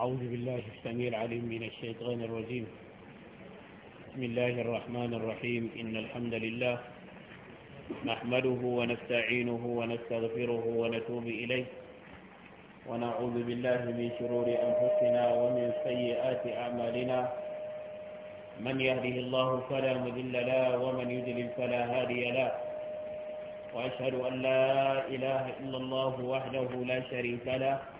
أعوذ بالله السميع العليم من الشيطان الرجيم بسم الله الرحمن الرحيم إن الحمد لله نحمده ونستعينه ونستغفره ونتوب إليه ونعوذ بالله من شرور أنفسنا ومن سيئات أعمالنا من يهده الله فلا مذل له ومن يذلل فلا هادي له وأشهد أن لا إله إلا الله وحده لا شريك له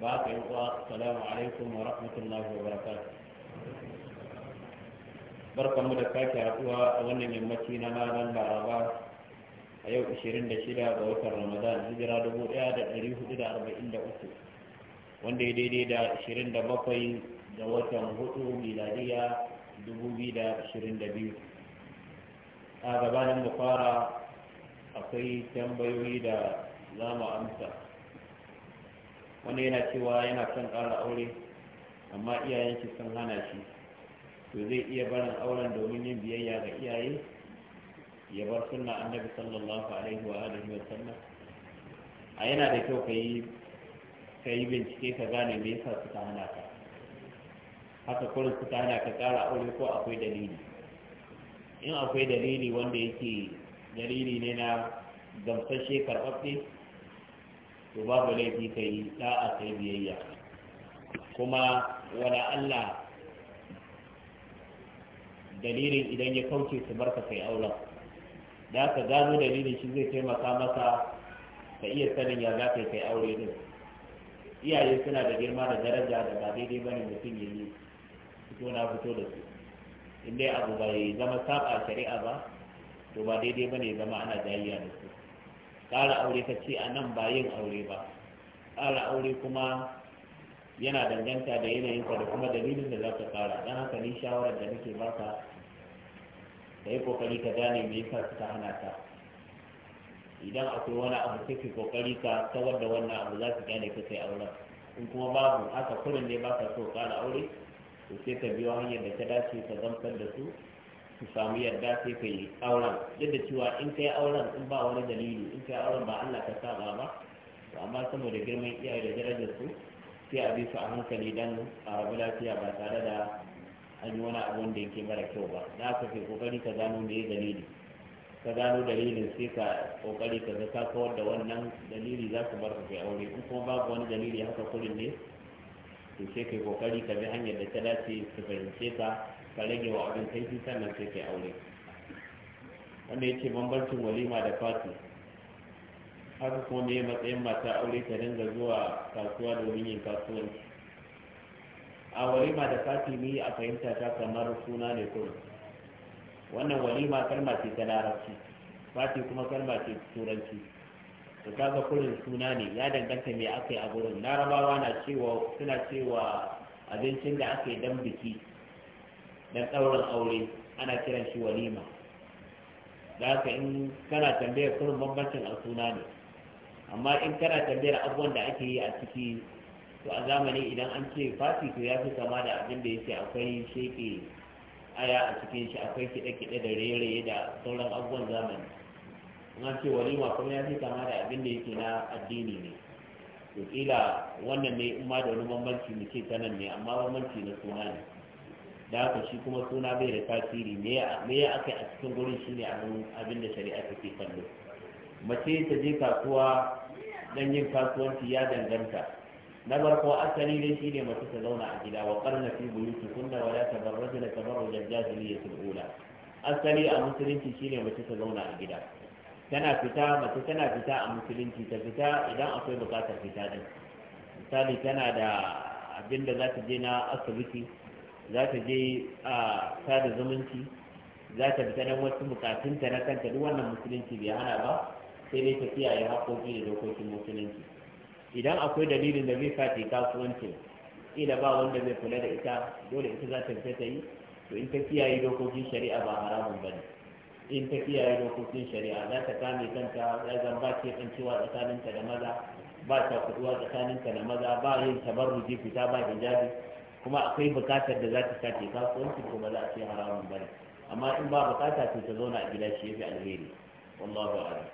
ba ka yi kuwa salamu alaikum wa rahmatullahi wa barakatuh barkan mu da sake haɗuwa a wannan yammaci na ranar laraba a yau 26 ga watan ramadan hijira 1443 wanda ya daidai da 27 ga watan hudu miladiya 2022 a gabanin mu fara akwai tambayoyi da za mu amsa Wani yana cewa yana son ƙara aure amma iyayenci sun hana shi to zai iya barin auren domin yin biyayya ga iyaye ya bar sunna annabi sallallahu alaihi wa alihi wa sallam a yana da kyau ka yi bincike ka gane me yasa suka hana ka haka kurin suka hana ka ƙara aure ko akwai dalili in akwai dalili wanda yake dalili ne na gamsashe karɓaɓɓe to babu laifi ka yi da'a kai biyayya kuma wala Allah dalilin idan ya kauce su barka kai auren da ka gano dalilin shi zai taimaka masa ka iya sanin ya za kai aure din iyaye suna da girma da daraja da ba daidai bane mutum ya yi fito na fito da su in dai abu bai zama saba shari'a ba to ba daidai bane zama ana jayayya da su ƙara aure ka ce a nan ba yin aure ba ƙara aure kuma yana danganta da yanayinka da kuma dalilin da za ka ƙara don haka ni shawarar da nake baka ka yi kokari ka gane me yasa suka hana ta idan akwai wani abu sai kokari ka kawar da wannan abu za su gane ka kai auren in kuma babu haka kurin ne baka so ƙara aure to sai ka biyo hanyar da ta dace ka zamsar da su su samu yarda sai ka yi auren duk da cewa in ka yi auren in ba wani dalili in ka yi auren ba Allah ka saba ba amma saboda girman iyaye da darajar su sai a bi su a hankali dan a rabu lafiya ba tare da an yi wani abu da yake mara kyau ba na ka fi kokari ka gano me dalili ka gano dalilin sai ka kokari ka zaka kawar da wannan dalili za ka bar ka kai aure in kuma babu wani dalili haka kurin ne to sai kai kokari ka bi hanyar da ta dace su fahimce ka ka rage wa abin kai sannan sai kai aure wanda ya ce bambancin walima da fati haka kuma mai matsayin mata aure ta dinga zuwa kasuwa domin yin kasuwanci a walima da fati ni a fahimta ta kamar suna ne kuma. wannan walima kalma ce ta larabci fati kuma kalma ce turanci to kaga kullum suna ne ya danganta me aka yi a gurin larabawa na cewa suna cewa abincin da aka yi dan biki dan ɗaurin aure ana kiran shi walima da haka in kana tambayar kurin bambancin suna ne amma in kana tambayar abubuwan da ake yi a ciki to a zamani idan an ce fati to ya fi kama da abin da yake akwai sheke aya a cikin shi akwai kiɗe-kiɗe da raye-raye da sauran abubuwan zamani in an ce walima kuma ya fi kama da abin da yake na addini ne to kila wannan ne in ma da wani bambanci mu ce ta nan ne amma bambanci na suna ne da haka shi kuma suna bai da tasiri me ya aka a cikin gurin shi ne abin da shari'a take kallo mace ta je kasuwa dan yin kasuwanci ya danganta na farko asali ne shi ne mace ta zauna a gida wa karna fi buyuti kunna wala tabarrajna tabarrujal jahiliyyatul ula asali a musulunci shi ne mace ta zauna a gida tana fita mace tana fita a musulunci ta fita idan akwai bukatar fita din misali tana da abin da za ta je na asibiti za ta je a sada zumunci za ta fita don wasu bukatunta na kanta duk wannan musulunci bai hana ba sai dai ta kiyaye haƙoƙi da dokokin musulunci idan akwai dalilin da zai fati kasuwancin ila ba wanda zai kula da ita dole ita za ta fita ta yi to in ta kiyaye dokokin shari'a ba haramun ba ne in ta kiyaye dokokin shari'a za ta kame kanta ya zan ba ce kancewa tsakaninta da maza ba ta kuduwa tsakaninta da maza ba yin tabarruji fita ba hijabi kuma akwai bukatar da za ta sa kasuwanci kuma za a ce haramun bane amma in ba bukata to ta zauna a gida shi yafi alheri wallahu a'lam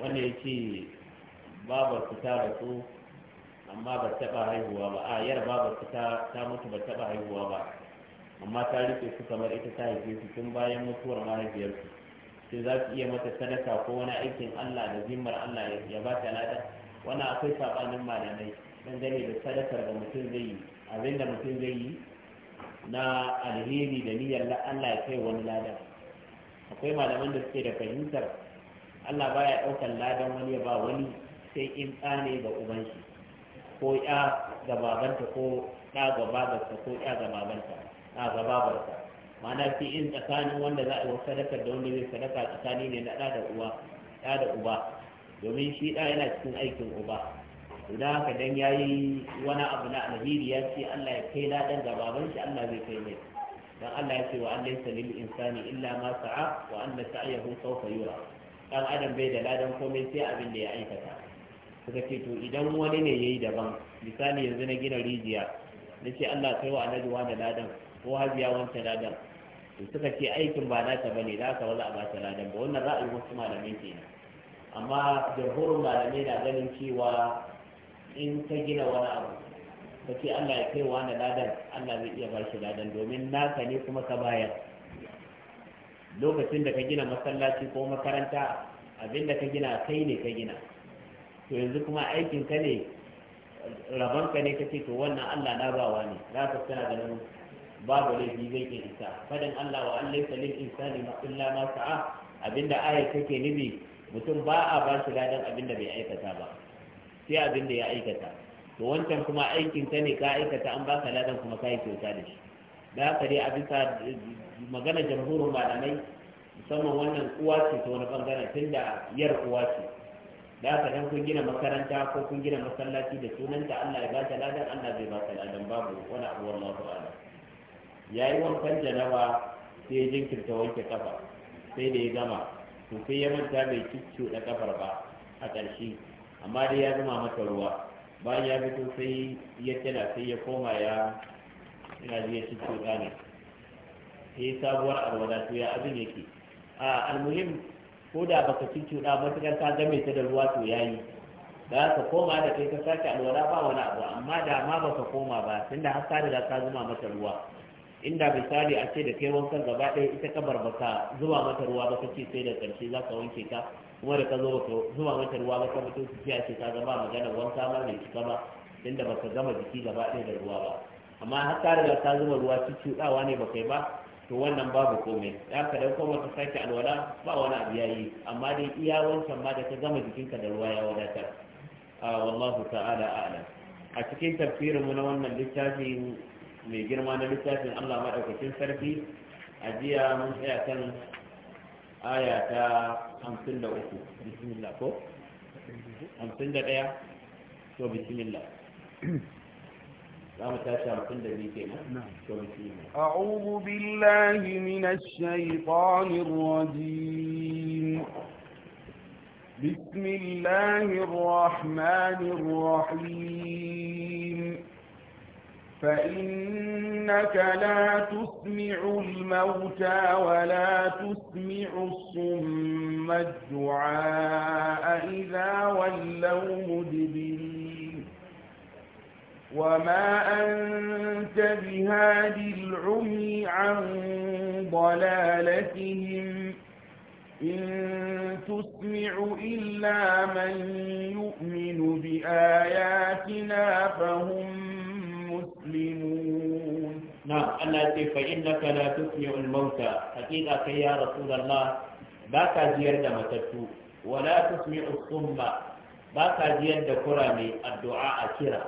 wanda ya ce babar ku ta rasu amma ba taɓa haihuwa ba a yar babar ku ta mutu ba taɓa haihuwa ba amma ta rufe su kamar ita ta haife su tun bayan mutuwar mahaifiyarsu sai za su iya mata sadaka ko wani aikin Allah da zimmar Allah ya ba ta lada wannan akwai sabanin malamai dangane da sadakar da mutum zai yi abinda mutum zai yi na alheri da niyyar Allah ya kai wani lada, akwai malaman da suke da fahimtar Allah baya ɗaukar ladan wani ya ba wani sai in tsane ga uban shi ko ya ga babanta ko ɗa ga babarsa ko ya ga babanta a ga babarsa ma'ana fi in tsakanin wanda za a yi sadakar da wanda zai sadaka tsakani ne na da uwa ɗa da uba domin shi ɗa yana cikin aikin uba idan haka dan yayi wani abu na alheri ya ce Allah ya kai ladan ga baban shi Allah zai kai mai dan Allah ya ce wa Allah laysa lil insani illa ma sa'a wa anna sa'yahu sawfa yura dan adam bai da ladan komai sai abin da ya aikata suka ce to idan wani ne yayi daban misali yanzu na gina rijiya na ce Allah kai wa Allah da ladan ko hajiya wancan ladan to suka ce aikin ba nata bane da haka wala a ba ta ladan ba wannan ra'ayin wasu malamai kenan amma jamhurin malamai na ganin cewa in ka gina wani abu ka ce Allah ya kai wa na ladan Allah zai iya bashi ladan domin naka ne kuma ka bayar lokacin da ka gina masallaci ko makaranta abinda ka gina kai ne ka gina to yanzu kuma aikin ka ne rabon ka ne ka ce to wannan Allah na bawa ne za ka tana ganin babu laifi zai ke isa fadin Allah wa Allah ya lil insani ma illa ma sa'a abinda ayat take nubi mutum ba a ba shi ladan abinda bai aikata ba sai abin da ya aikata to wancan kuma aikin ta ne ka aikata an baka ladan kuma ka yi kyauta da shi da haka dai a bisa magana jamhurin malamai musamman wannan uwa ce ta wani bangaren tun da yar uwa ce da haka dan kun gina makaranta ko kun gina masallaci da sunanta Allah ya baka ladan Allah zai baka ladan babu wani abu wallahu ta'ala yayi wankan janaba sai ya jinkirta wanke kafa sai da ya gama to sai ya manta bai cicciyo da kafar ba a ƙarshe amma dai ya zama mata ruwa bayan ya fito sai ya tana sai ya koma ya ina ji ya ci cuta ne sai sabuwar alwada to ya abin yake a almuhim ko da baka ci cuta matukar ka game ta da ruwa to yayi da ka koma da kai ka sake alwada ba wani abu amma da ma baka koma ba tunda har ka riga ka zuma mata ruwa inda misali a ce da kai wankan gaba ɗaya ita kabar baka zuba mata ruwa ba kace sai da ƙarshe za ka wanke ka. kuma da ka zo ka zuba mata ruwa ba ka mutu su ce ka zama magana wanka ma bai cika ba inda baka gama jiki gaba ɗaya da ruwa ba amma har ka riga ka zuba ruwa cuccuɗawa ne ba yi ba to wannan babu komai ya ka dauko wata sake alwala ba wani abu yayi amma dai iya wancan ma da ka gama jikinka da ruwa ya wadatar wallahu ta'ala a'lam a cikin tafsirin mu na wannan littafin mai girma na littafin Allah madaukakin sarki a jiya mun tsaya kan aya hamsin da uku bismillah ko hamsin da ɗaya to bismillah أعوذ بالله من الشيطان الرجيم بسم الله الرحمن الرحيم فإنك لا تسمع الموتى ولا تسمع الصم الدعاء إذا ولوا مدبرين وما أنت بهاد العمي عن ضلالتهم إن تسمع إلا من يؤمن بآياتنا فهم na'am Allah ce fa innaka la tusmi'ul mauta hakika kai ya rasulullah ba ka jiyar da matattu wala tusmi'us summa ba ka jiyar da kurame addu'a a kira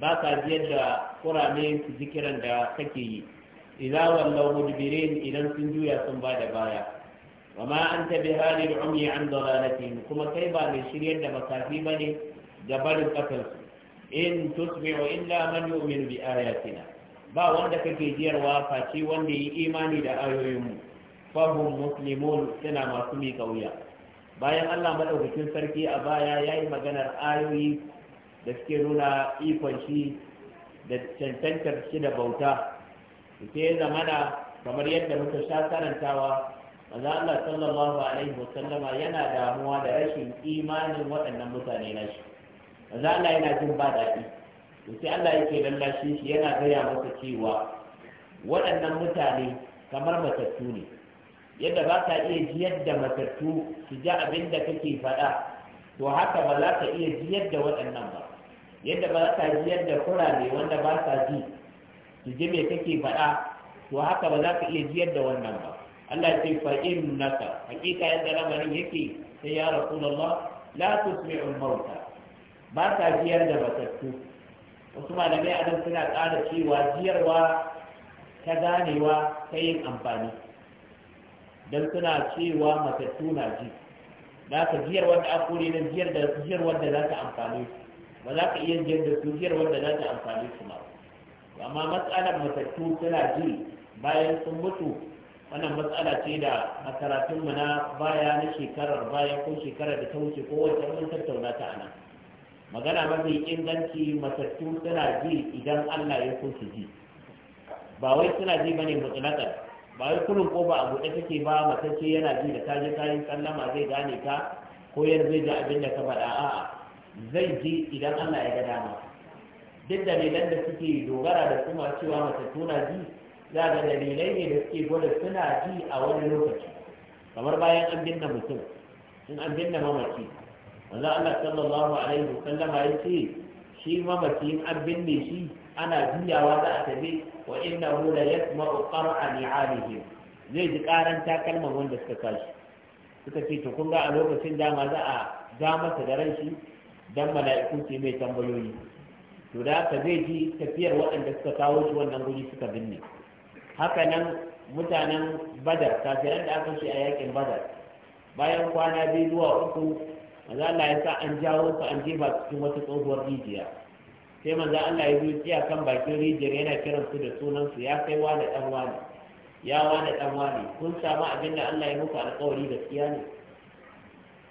ba ka jiyar da kurame su ji da kake yi idza wallaw mudbirin idan sun juya sun ba da baya wa ma anta bihalil umyi an dalalatihim kuma kai ba mai shiryar da makafi bane da barin kafarsu in tusmi'u illa man yu'minu bi ayatina ba wanda kake jiyarwa face wanda yi imani da ayoyinmu fahim muslimun suna masu mi wuya bayan allah madaukakin sarki a baya yayi maganar ayoyi da suke nuna ikon shi da cancantar shi da bauta ke zamana kamar yadda muka sha karantawa manzo allah sallallahu alaihi wasallama yana damuwa da rashin imanin waɗannan mutane nashi manzo allah yana jin ba daɗi to sai Allah yake lallashi shi yana gaya masa cewa waɗannan mutane kamar matattu ne yadda ba ka iya jiyar da matattu su ji abin da kake faɗa to haka ba za ka iya jiyar da waɗannan ba yadda ba ka jiyar da kurame wanda ba sa ji su ji me kake faɗa to haka ba za ka iya jiyar da wannan ba Allah ya ce fa innaka hakika yadda lamarin yake sai ya rasulullah la tusmi'ul mauta ba ka jiyar da matattu wasu malamai a nan suna ƙara cewa jiyarwa ta ganewa ta yin amfani don suna cewa matattu na ji za ka jiyar wanda a kore na jiyar da jiyar wanda za ta amfani ba za ka iya jiyar da su jiyar wanda za ta amfani su ma amma matsalar matattu suna ji bayan sun mutu wannan matsala ce da a karatunmu na baya na shekarar bayan ko shekarar da ta wuce ko wacce mun tattauna ta a nan magana mafi inganci matattu suna ji idan Allah ya so su ji ba wai suna ji bane mutlaqan ba wai kullum ko ba a buɗe take ba matacce yana ji da kaje kayan sallama zai gane ka ko yar zai ji abin da ka faɗa a'a zai ji idan Allah ya ga dama duk dalilan da suke dogara da kuma cewa matattu na ji za ga dalilai ne da suke gwada suna ji a wani lokaci kamar bayan an binne mutum in an binne mamaci manzo Allah sallallahu alaihi wasallam ya ce shi mamaci in an binne shi ana juyawa za a tafi wa innahu la yasma'u qar'a ni'alihim zai ji karan takalman wanda suka kashi suka ce to kun ga a lokacin dama za a ja masa da ran shi dan mala'iku ce mai tambayoyi to da haka zai ji tafiyar waɗanda suka kawo shi wannan guri suka binne haka nan mutanen badar kafiran da aka shi a yakin badar bayan kwana biyu zuwa uku manzo Allah ya sa an jawo su an jefa cikin wata tsohuwar rijiya sai manzo Allah ya zo tsiya kan bakin rijiyar yana kiran su da sunan su ya kai wa da dan wani ya wa da dan wani kun samu abin da Allah ya muku alƙawari tsiya ne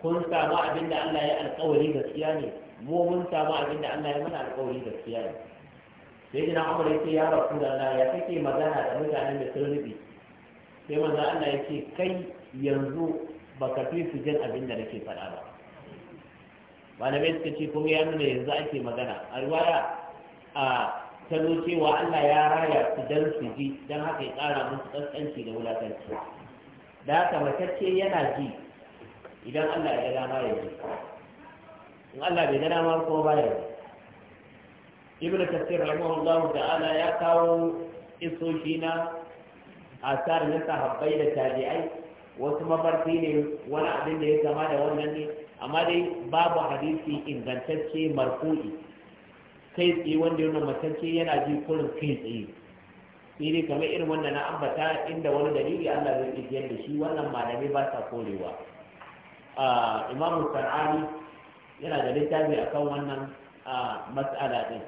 kun samu abin da Allah ya alƙawari gaskiya ne mu mun samu abin da Allah ya mana alƙawari gaskiya ne sai jina Umar ya ce ya rasu da Allah ya kake magana da mutanen da sun rubi sai manzo Allah ya ce kai yanzu baka fi su jin abin da nake faɗa ba malamai suka ce kun ya nuna yanzu ake magana a riwaya a tano cewa Allah ya raya su dan su ji dan haka ya ƙara musu kaskanci da wulakanci da haka matacce yana ji idan Allah ya ga dama ya ji in Allah bai ga dama ko baya? ya ji ibn kasir ta'ala ya kawo isoshi na asar na sahabbai da tabi'ai wasu mafarki ne wani abin da ya kama da wannan ne amma dai babu hadisi ingantacce marfu'i kai tsaye wanda yana matacce yana ji kurin kai tsaye sai dai kamar irin wannan na ambata inda wani dalili Allah zai ijiyar da shi wannan malamai ba sa korewa imamu sana'ani yana da littafi akan wannan mas'ala din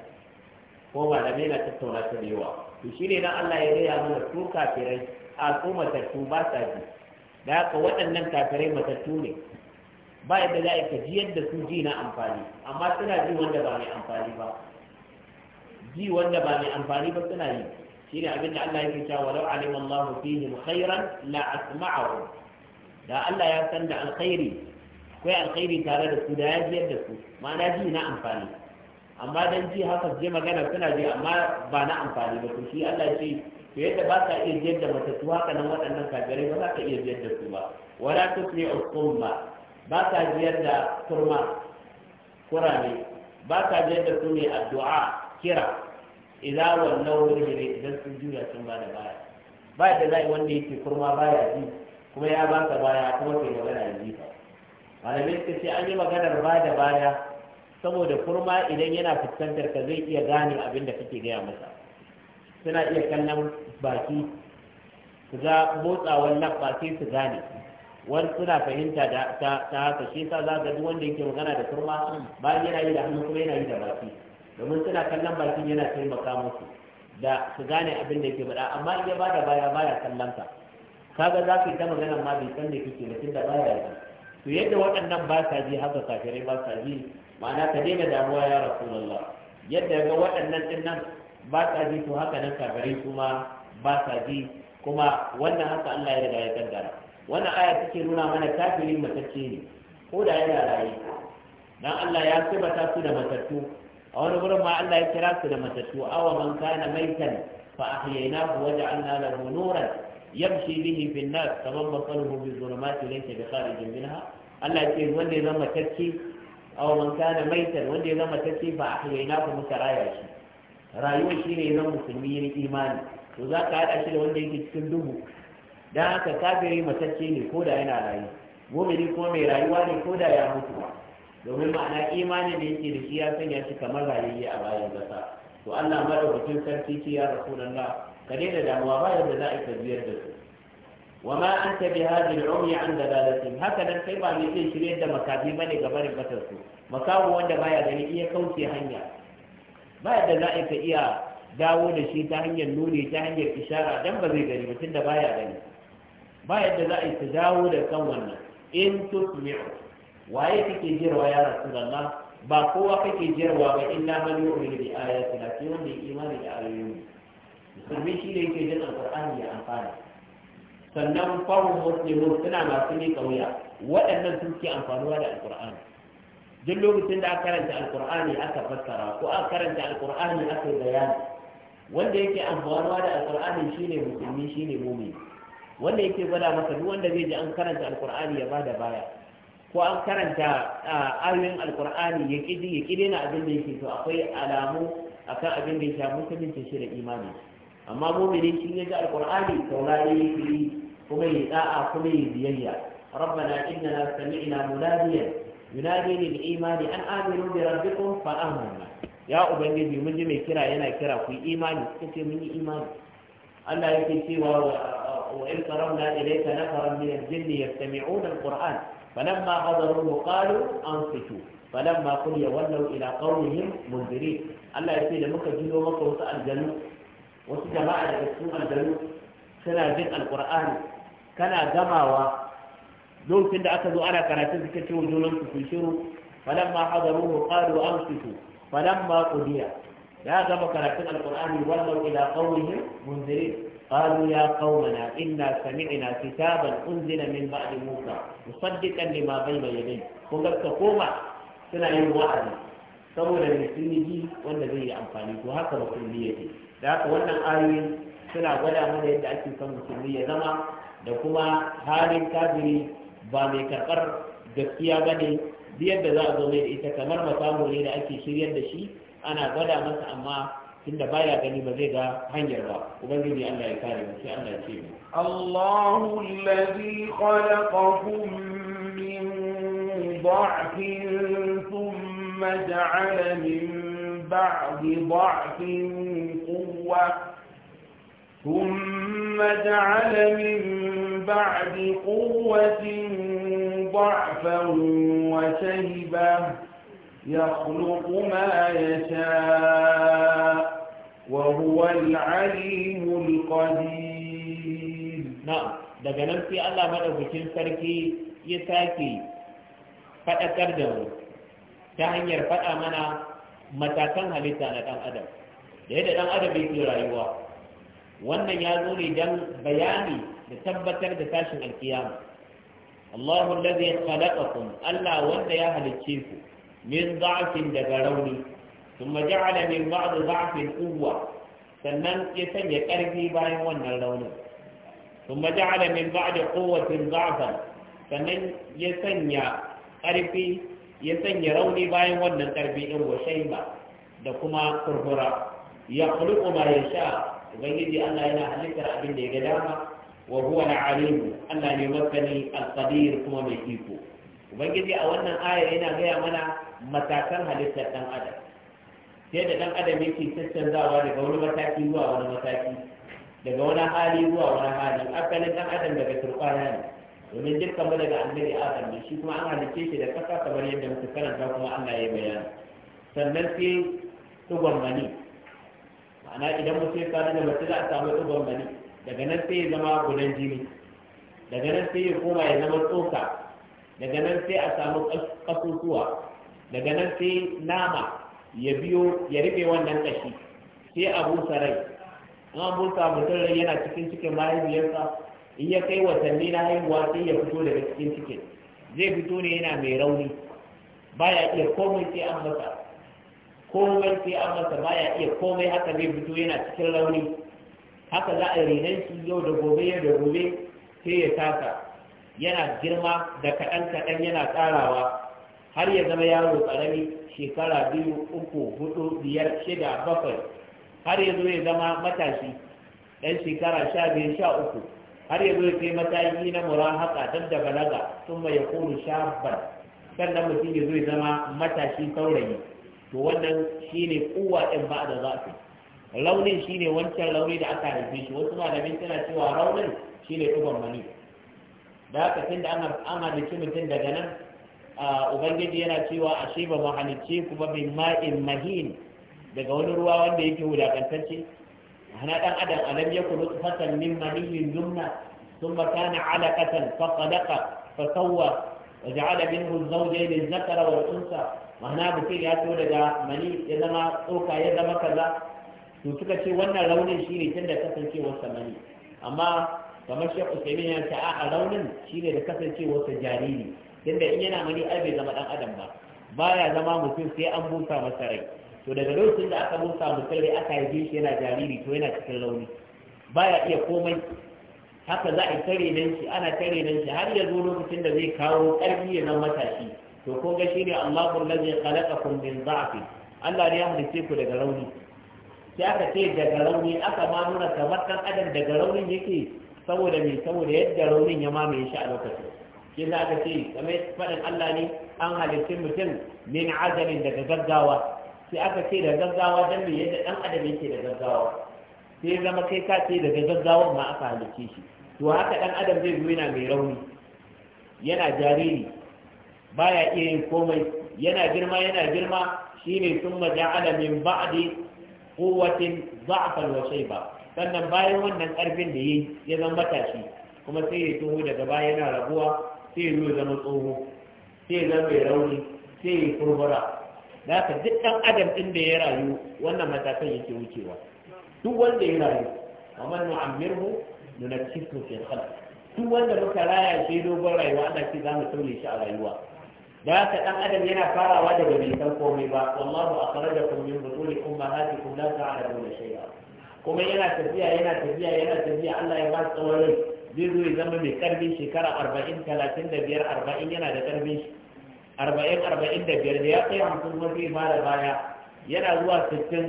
ko malamai na tattauna ta da yawa to shi ne dan Allah ya gaya mana su kafirai a su matattu ba sa ji da haka waɗannan kafirai matattu ne ba yadda za a ka ji yadda su ji na amfani amma suna ji wanda ba mai amfani ba ji wanda ba mai amfani ba suna yi shi ne abinda Allah ya cewa walau alim Allah fihim khairan la asma'ahu da Allah ya san da alkhairi akwai alkhairi tare da su da ya ji yadda su ma'ana ji na amfani amma dan ji haka je magana suna ji amma ba na amfani ba to shi Allah ya ce to yadda ba ka iya jiyar da matattu haka nan waɗannan kafirai ba za ka iya jiyar da su ba wala tusmi'u summa ba ta jiyar da turma kurame ba ta jiyar da su ne a addu'a kira idza wallau mujri idan sun juya sun ba da baya ba da zai wanda yake kurma baya ji kuma ya ba ka baya kuma kai da ya ji malamai ka ce an yi maganar ba da baya saboda kurma idan yana fuskantar ka zai iya gane abin da kake gaya masa suna iya kallon baki su ga motsawar labba sai su gane wani suna fahimta ta haka shi sa za ga duk wanda yake magana da turma, bayan yana yi da hannu kuma yana yi da baki domin suna kallon bakin yana taimaka musu da su gane abin da yake bada, amma in ya da baya baya kallon ka kaga za ka yi ta magana ma bai san da kike da tunda baya yi to yadda waɗannan ba sa ji haka kafirai ba sa ji ma'ana ka daina damuwa ya rasulullah yadda ga waɗannan din nan ba sa ji to haka nan kafirai kuma ba sa ji kuma wannan haka Allah ya riga ya kaddara wannan aya take nuna mana kafiri matacce ne ko da yana raye dan Allah ya sibata su da matattu a wani gurin ma Allah ya kira su da matattu awa man kana maitan fa ahyaynahu wa ja'alna lahu nuran yamshi bihi fi an-nas kaman masaluhu bi dhulumati laysa bi kharijin minha Allah ya ce wanda ya zama matacce awa man kana maitan wanda ya zama matacce fa ahyaynahu muka raya shi Rayuwa shine ne zan musulmi ne imani to za ka hada shi da wanda yake cikin duhu dan haka kafiri matacce ne ko da yana rayu mu'mini kuma mai rayuwa ne ko da ya mutu domin ma'ana imani da yake da shi ya sanya shi kamar rayayye a bayan gasa to Allah madaukakin sarki shi ya rasulullah ka daina damuwa ba yadda za a tafiyar da su wa ma anta bi hadhihi al-ummi an dalalatin haka nan kai ba ne shi ne da makafi bane ga barin batar su makawo wanda baya gani iya kauce hanya ba yadda za a iya dawo da shi ta hanyar nuni ta hanyar ishara dan ba zai gani mutum da baya gani ba yadda za a yi ta dawo da kan wannan in tusmi'u waye kake jirwa ya rasulullah ba kowa kake jirwa ba illa man yu'minu bi ayati la wanda ya imani da ayoyin musulmi shi ne yake jin alqur'ani ya amfana sannan fawon muslimun suna masu ne kauya waɗannan sun ke amfanuwa da alqur'ani duk lokacin da aka karanta alqur'ani aka fassara ko aka karanta alqur'ani aka yi bayani wanda yake amfanuwa da alqur'ani shine musulmi shine mu'min wanda yake gwada masa duk wanda zai ji an karanta alkur'ani ya bada baya ko an karanta ayoyin alkur'ani ya kidi ya kidi na abin da yake to akwai alamu akan abin da ya shafi mutumin shi da imani amma mu'mini shi ya ji alkur'ani taurari yake yi kuma ya da'a kuma ya biyayya ربنا إننا سمعنا مناديا ينادي للإيمان أن آمنوا بربكم فآمنا يا أبنجي من kira كرا ينا كرا في إيمان كتير من إيمان الله يكي سوى وإذ صرفنا إليك نفرا من الجن يستمعون القرآن فلما حضروه قالوا أنصتوا فلما قل يولوا إلى قومهم منذرين الله يسير مكة جنو مكة وسط الجنو وسط جماعة السوء الجنو سنة جن القرآن كان جماوة دول كند أكدوا أنا كان تذكر وجنون تشيروا فلما حضروه قالوا أنصتوا فلما قضي يا جماعة كان القرآن يولوا إلى قومهم منذرين قالوا يا قومنا إنا سمعنا كتابا أنزل من بعد موسى مصدقا لما بين يديه kun ga koma suna yin wa'azi saboda mai sun yi wanda zai yi amfani to haka musulmi yake da haka wannan ayoyi suna gwada mana yadda ake son musulmi ya zama da kuma halin kafiri ba mai karɓar gaskiya ba ne biyar da za a zo mai da ita kamar makamu ne da ake shiryar da shi ana gwada masa amma tunda baya gani ba zai ga hanyar ba ubangiji Allah ya kare mu sai Allah ya ce mu Allahu alladhi khalaqakum min dha'fin thumma ja'ala min ba'di dha'fin quwwa ثم جعل من بعد قوة ضعفا وشيبا يخلق ما يشاء وهو العليم القدير نعم daga nan sai Allah madaukakin sarki ya sake faɗatar da mu ta hanyar faɗa mana matakan halitta na ɗan'adam. adam da yadda ɗan adam yake rayuwa wannan ya zo ne don bayani da tabbatar da tashin alkiyama Allahu allazi khalaqakum Allah wanda ya halicce ku min da'fin daga rauni ثم جعل من بعد ضعف القوة sannan ya sanya ƙarfi bayan wannan raunin sun maja'ala min ba'da kowatin zafan sannan ya sanya ya sanya rauni bayan wannan ƙarfi ɗin wa da kuma kurkura ya kulku ma ya sha ubangiji Allah yana halittar abin da ya ga dama wa huwa al-alim Allah ne masani kuma mai iko ubangiji a wannan aya yana gaya mana matakan halittar ɗan adam sai da dan adam yake canzawa daga wani mataki zuwa wani mataki daga wani hali zuwa wani hali akalin dan adam daga turbana ne domin dukkan mu daga annabi adam ne shi kuma an halice shi da kasa kamar yadda muka karanta kuma Allah ya bayyana sannan sai tugon mani ma'ana idan mutum ya sadu da mace za a samu tugon mani daga nan sai ya zama gudan jini daga nan sai ya koma ya zama tsoka daga nan sai a samu ƙasusuwa daga nan sai nama ya biyo ya riƙe wannan kashi sai a busa rai in an busa mutum rai yana cikin cikin mahaifiyarsa in ya kai watanni na haihuwa sai ya fito daga cikin cikin zai fito ne yana mai rauni baya iya komai sai an masa komai sai an masa baya iya komai haka zai fito yana cikin rauni haka za a renan shi yau da gobe yau da gobe sai ya taka yana girma da kaɗan kaɗan yana ƙarawa har ya zama yaro karami shekara biyu uku hudu biyar shida bakwai har ya zo ya zama matashi ɗan shekara sha biyu sha uku har ya zo ya kai mataki na murahaka don da balaga sun mai ya kuru shabban sannan mutum ya zo ya zama matashi saurayi to wannan shine kuwa ɗin ba da za su launin shine wancan launi da aka haife shi wasu malamin suna cewa raunin shine ɗuban mani da haka tun da an halicci mutum daga nan ubangiji yana cewa shi ba mu kuma ku ba min ma'in mahin daga wani ruwa wanda yake wulakantacce ana dan adam alam yakun fatan min mahin dumna thumma kana alaqatan fa khalaqa fa sawwa wa ja'ala minhu zawjayn adh-dhakara wal unsa ma'ana bi ya to daga mani ya zama tsoka ya zama kaza to suka ce wannan raunin shine tunda kasancewarsa mani amma kamar shekhu sai ya ce a raunin shine da kasancewarsa jariri tunda in yana mani ai bai zama dan adam ba baya zama mutum sai an busa masa rai to daga lokacin da aka busa mutum rai aka yi shi yana jariri to yana cikin rauni baya iya komai haka za a tare nan shi ana tare nan shi har ya zo lokacin da zai kawo karfi ya zama matashi to kun ga ne Allahu allazi khalaqakum min dha'fin Allah ne ya halice ku daga rauni sai aka ce daga rauni aka ma nuna kamar adam daga raunin yake saboda me saboda yadda raunin ya mamaye shi a lokacin za ka ce kamar faɗin Allah ne an halitta mutum min ajalin daga gaggawa sai aka ce da gaggawa dan me yadda ɗan adam yake da gaggawa sai zama kai ka ce daga gaggawa ma aka halicce shi to haka ɗan adam zai zo yana mai rauni yana jariri baya iya yin komai yana girma yana girma shine sun ja'ala min ba'di quwwatin dha'fan wa shayba sannan bayan wannan karfin da yayi ya zama matashi kuma sai ya tuho daga baya yana rabuwa. sai ya zama tsoho sai ya zama ya rauni sai ya kurbura da haka duk ɗan adam ɗin da ya rayu wannan matakan yake wucewa duk wanda ya rayu amma nu amirhu nunakkisu fil khalq duk wanda muka raya shi dogon rayuwa Allah shi zamu taule shi a rayuwa da haka ɗan adam yana farawa daga bai san komai ba wallahu akhrajakum min butuni ummahatikum la ta'lamuna shay'a kuma yana tafiya yana tafiya yana tafiya Allah ya ba tsawon rai zai zo ya zama mai karfin shekara arba'in talatin da biyar arba'in yana da karfin arba'in arba'in da biyar da ya kai hamsin kuma zai fara baya yana zuwa sittin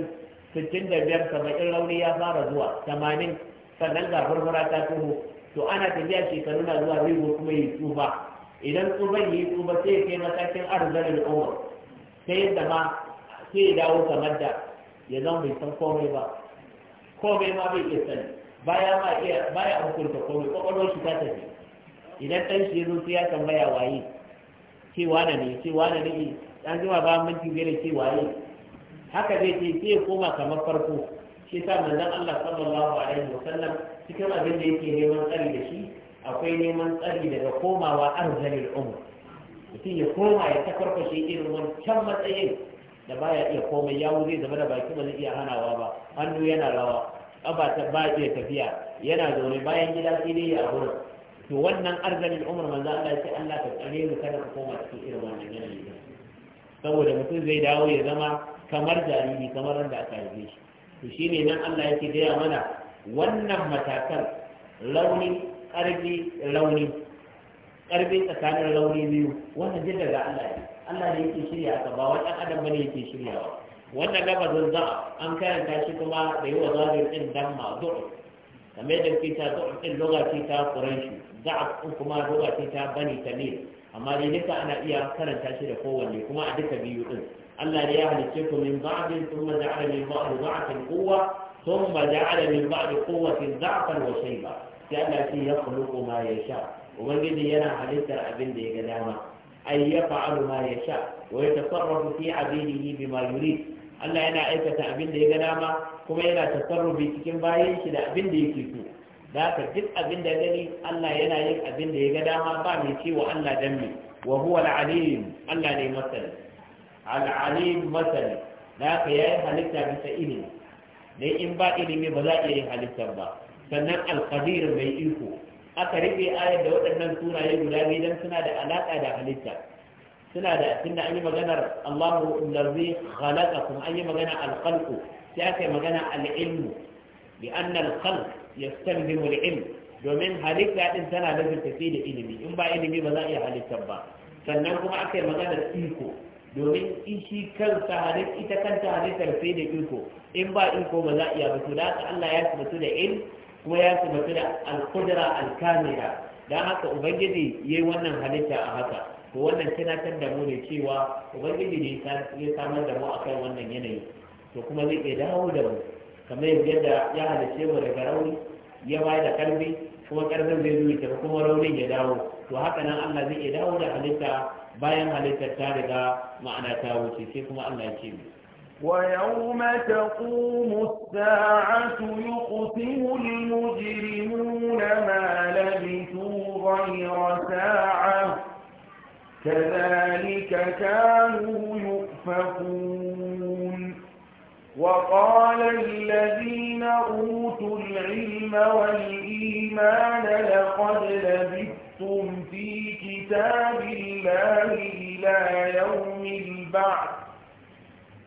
sittin da biyar saba'in rauni ya fara zuwa tamanin sannan ga farfara ta tuhu to ana tafiya shekaru na zuwa zai zo kuma yi tsufa idan tsufan yi tsufa sai ya kai matakin arzikin umar sai yadda ma sai ya dawo kamar da ya zama bai san komai ba komai ma bai iya sani baya ma iya baya hukunta komai kwakwalwar shi ta tafi idan ɗan shi zo sai ya tambaya waye ce wane ne ce wane ne an zuma ba minti gare ce waye haka zai ce sai ya koma kamar farko shi sa manzon Allah sallallahu alaihi wasallam cikin abin da yake neman tsari da shi akwai neman tsari daga komawa arzalil umr mutum ya koma ya ta farfashe irin wancan matsayin da baya iya komai Ya zai zama da baki ba zai iya hanawa ba hannu yana rawa kafa ta ba ce tafiya yana zaune bayan gida sai a ya to wannan arzalin umar manzo Allah ya Allah ka tsare mu kada ka koma cikin irin wannan yanayi saboda mutum zai dawo ya zama kamar jariri kamar wanda aka haife shi to shine nan Allah yake gaya mana wannan matakan launi ƙarfi launi ƙarfi tsakanin launi biyu wannan jiddar da Allah Allah ne yake shirya ka ba wani adam bane yake shiryawa wannan lafazin za an karanta shi kuma da yi wa zahir din damma zu'u kamar yadda ke ta zu'u din lokaci ta quraishi za'a kuma lokaci ta bani ta tamim amma dai duka ana iya karanta shi da kowanne kuma a duka biyu din Allah ne ya halicce ku min ba'din thumma ja'ala min ba'di da'atan quwwa thumma ja'ala min ba'di quwwatin da'fan wa shayba sai Allah shi ya khuluqu ma sha? ubangiji yana halittar abin da ya ga dama ay yaf'alu ma yasha wa yatasarrafu fi 'abdihi bima yurid Allah yana aikata abin da ya ga dama kuma yana tasarrufi cikin bayan shi da abin da yake so da haka duk abin da gani Allah yana yin abin da ya ga dama ba mai cewa Allah dan me wa huwa al-alim Allah ne masali al-alim masali da haka yayi halitta bisa ilimi dai in ba ilimi ba za a iya yin halittar ba sannan al-qadir mai iko aka rike ayar da waɗannan sunaye guda biyu dan suna da alaƙa da halitta suna da tunda an yi maganar Allahu allazi khalaqakum an yi magana al-khalqu sai aka yi magana al bi anna al-khalq yastalzimu al-ilm domin halitta ɗin tana da tafi da ilimi in ba ilimi ba za a iya halitta ba sannan kuma aka yi maganar iko domin shi kansa halitta ita kanta halittar sai da iko in ba iko ba za a iya ba to da haka Allah ya tabbata da ilm kuma ya tabbata da al-qudra al-kamila dan haka ubangiji yayi wannan halitta a haka to wannan tunatar da mu ne cewa ubangiji ne ya samar da mu akan wannan yanayi to kuma zai iya dawo da mu kamar yadda ya halice mu daga rauni ya bayar da karfi kuma karfin zai zuwa ta kuma raunin ya dawo to haka nan Allah zai iya dawo da halitta bayan halittar ta riga ma'ana ta wuce sai kuma Allah ya ce mu ويوم تقوم الساعة يقسم المجرمون ما لبثوا غير ساعة كذلك كانوا يؤفكون وقال الذين أوتوا العلم والإيمان لقد لبثتم في كتاب الله إلى يوم البعث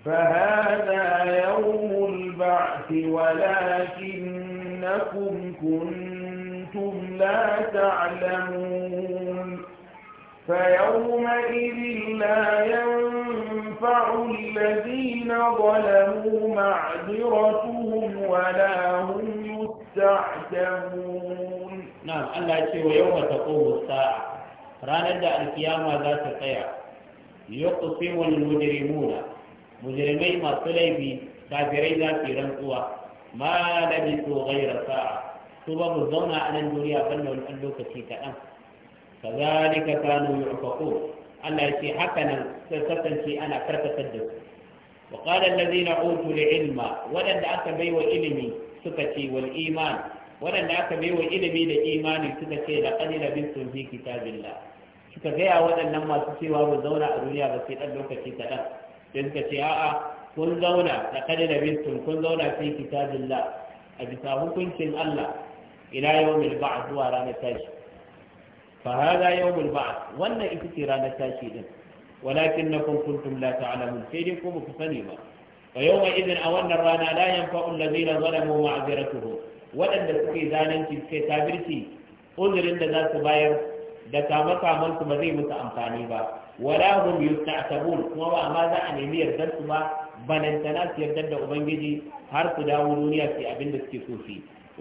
فهذا يوم البعث ولكنكم كنتم لا تعلمون فيومئذ لا ينفع الذين ظلموا معذرتهم ولا هم يستعتبون نعم الله يقول يوم تقوم الساعة ranar da alkiyama za ta tsaya yuqsimul mujrimuna mujrimai masu laifi kafirai za su rantsuwa ma labisu sa'a su ba mu zauna a nan duniya ban da wani lokaci kaɗan kazalika kanu yufaqun Allah ya haka nan sai kasance ana karkatar da su wa qala allazina utul ilma wadanda aka baiwa ilimi suka ce wal iman wadanda aka baiwa ilimi da imani suka ce da qalila bintum fi kitabillah suka gaya waɗannan masu cewa ba zauna a duniya ba sai ɗan lokaci kaɗan sai suka ce a'a kun zauna da qalila bintum kun zauna fi kitabillah a bisa hukuncin Allah ila yawmil ba'd zuwa ranar tashi fa hada yawmul ba'ath wannan ita ce ranar tashi din walakin na kuntum la ta'lamun sai dai ko ba ku sani ba fa yawma idin a wannan rana la yanfa'u allazina zalamu ma'ziratuhum waɗanda suke zalunci suke birki, uzurin da za su bayar da kama kaman ba zai musu amfani ba wala hum yusta'tabun kuma ba ma za a nemi yardar su ba balantana su yardar da ubangiji har su dawo duniya su abin da suke so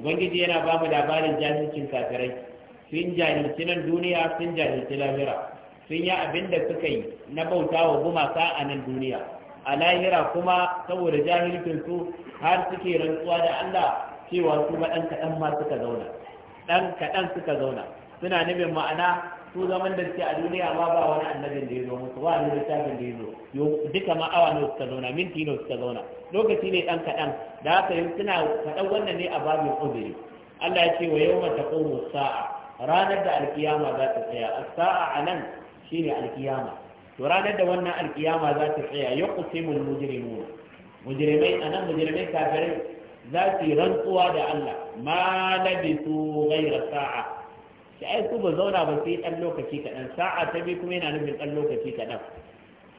ubangiji yana ba mu labarin jahilcin kafirai sun jahilci nan duniya sun jahilci lahira sun yi abin da suka yi na bauta wa gumaka a nan duniya a lahira kuma saboda jahilcinsu har suke rantsuwa da Allah cewa su ɗan kaɗan ma suka zauna ɗan kaɗan suka zauna suna nufin ma'ana su zaman da suke a duniya ma ba wani annabin da ya zo musu ba wani littafin da ya zo duka ma awa ne suka zauna minti ne suka zauna lokaci ne ɗan kaɗan da haka yi suna faɗan wannan ne a babin uzuri Allah ya ce wa yau mata sa'a ranar da alkiyama za ta tsaya as-sa'a anan shine alkiyama to ranar da wannan alkiyama za ta tsaya yaqsimul mujrimun mujrimai anan mujrimai kafirai za su yi rantsuwa da Allah ma su gaira sa'a shi ai su ba zauna ba yi dan lokaci kaɗan sa'a ta bi kuma yana nufin dan lokaci kaɗan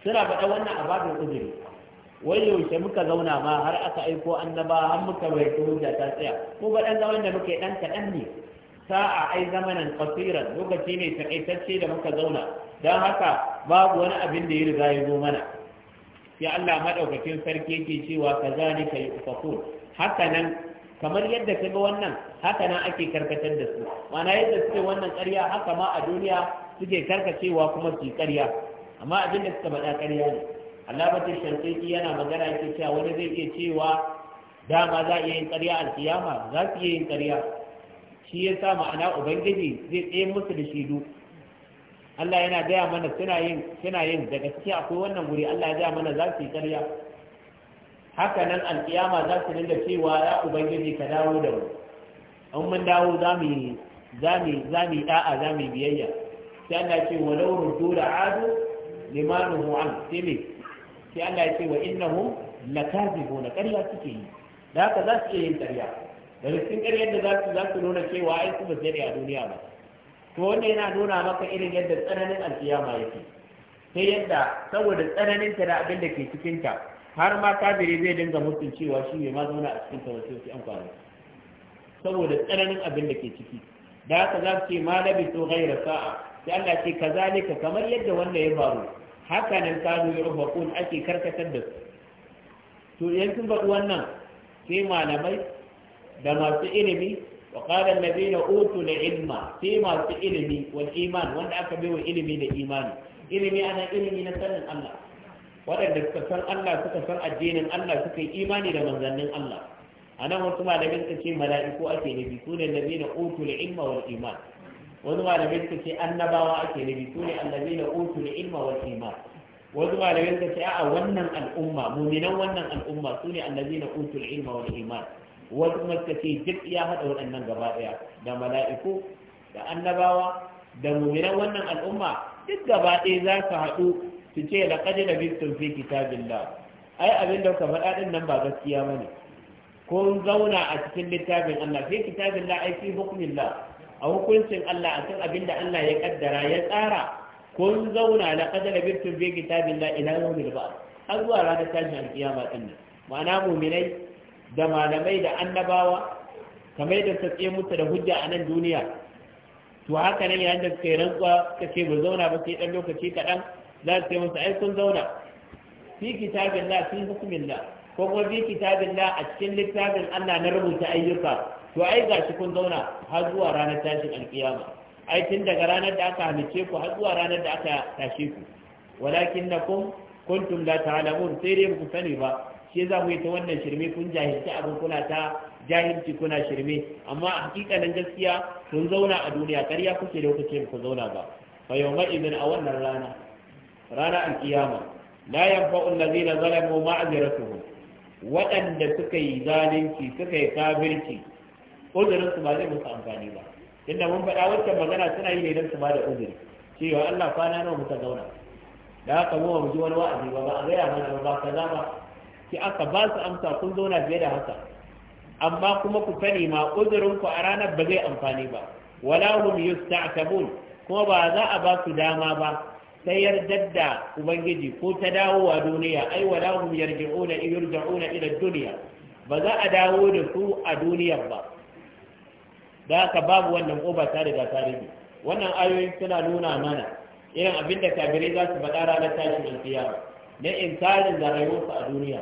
suna faɗa wannan a babin uzuri wai yaushe muka zauna ma har aka aiko annaba har muka bai hujja ta tsaya ko ba dan zaman da muke dan kaɗan ne sa'a ai zamanin qasiran lokaci ne takaitacce da muka zauna dan haka babu wani abin da ya riga ya zo mana ya Allah madaukakin sarki yake cewa kazalika yufakun haka nan kamar yadda ka wannan haka nan ake karkatar da su mana yadda suke wannan ƙarya haka ma a duniya suke karkacewa kuma su karya. ƙarya amma abin da suka faɗa ƙarya ne alamatin shantaki yana magana yake cewa wani zai iya cewa dama za a iya yin ƙarya alkiyama za su iya yin ƙarya shi ya sa ma'ana ubangiji zai tsaye musu da shidu Allah yana gaya mana suna yin suna yin akwai wannan guri Allah ya gaya mana za su yi karya haka nan alkiyama za su dinga cewa ya ubangiji ka dawo da mu in mun dawo za mu yi za da'a za mu yi biyayya sai Allah ya ce wa laurin dole adu limanuhu an sai sai Allah ya ce wa innahum lakazibuna karya suke yi da haka za su iya yin karya daga cikin 'yar yadda za su za su nuna cewa ai su ba su a duniya ba to wanda yana nuna maka irin yadda tsananin alkiyama yake sai yadda saboda tsananin ta da abin da ke cikin ta har ma kafiri zai dinga mutum cewa shi ne ma zauna a cikin ta wasu an kwana saboda tsananin abin da ke ciki da haka za su ce ma labisu ghaira sa'a sai Allah ce kazalika kamar yadda wannan ya faru haka nan kanu yurfaqun ake karkatar da su to yanzu ba wannan sai malamai da masu ilimi wa na allazina utul ilma sai masu ilimi wa iman wanda aka bai wa ilimi da imani ilimi ana ilimi na sanin Allah waɗanda suka san Allah suka san addinin Allah suka yi imani da manzannin Allah a nan wasu malamai suka ce mala'iku ake nabi su ne allazina utul ilma wal iman wasu malamai suka ce annabawa ake nabi su ne allazina utul ilma wal iman wasu malamai suka ce a wannan al'umma muminan wannan al'umma su ne allazina utul ilma wal iman wasu kuma suka duk ya haɗa waɗannan gaba ɗaya da mala'iku da annabawa da muminan wannan al'umma duk gaba ɗaya za su haɗu su ce da laqad labistum fi kitabillah ai abin da ka ɗin nan ba gaskiya bane ko zauna a cikin littafin Allah fi kitabillah ai fi hukmillah a hukuncin Allah akan abin da Allah ya ƙaddara ya tsara ko zauna da laqad labistum fi kitabillah ila yawmil ba'th har zuwa ranar tashin alkiyama din nan ma'ana muminai da malamai da annabawa kamar da ta tsaye mutu da hujja a nan duniya to haka nan yayin da suka yi rantsuwa suka ce ba zauna ba sai dan lokaci kaɗan za su ce musu ai kun zauna fi kitabin la fi hukumin la ko kuma fi kitabin la a cikin littafin Allah na rubuta ayyuka to ai gashi kun zauna har zuwa ranar tashin alkiyama ai tun daga ranar da aka halice ku har zuwa ranar da aka tashe ku walakin na kun kuntum la ta'lamun sai dai ku sani ba shi za mu yi ta wannan shirme kun jahilci abin kuna ta jahilci kuna shirme amma a hakikanin gaskiya sun zauna a duniya ƙarya kuke da kuke ku zauna ba fa yawma a wannan rana rana alkiyama la yanfa'u allazina zalamu ma'aziratuhum waɗanda suka yi zalunci suka yi kafirci uzurin su ba zai musu amfani ba inda mun faɗa wacce magana suna yi ne don su ba da uzuri cewa Allah kwana nawa muka zauna da haka mu ba mu ji wani wa'azi ba ba a gaya mana ba ka ba Ki aka ba su amsa kun zauna fiye da haka amma kuma ku sani ma uzurin ku a ranar ba zai amfani ba wala hum yusta'tabun kuma ba za a ba su dama ba sai yardar da ubangiji ko ta dawowa duniya ai wala hum yarji'una yurja'una ila dunya ba za a dawo da su a duniya ba da haka babu wannan ƙoba ta riga ta rage wannan ayoyin suna nuna mana irin abinda da kabirai za su faɗa ranar tashin alkiyama na inkarin da rayuwarsu a duniya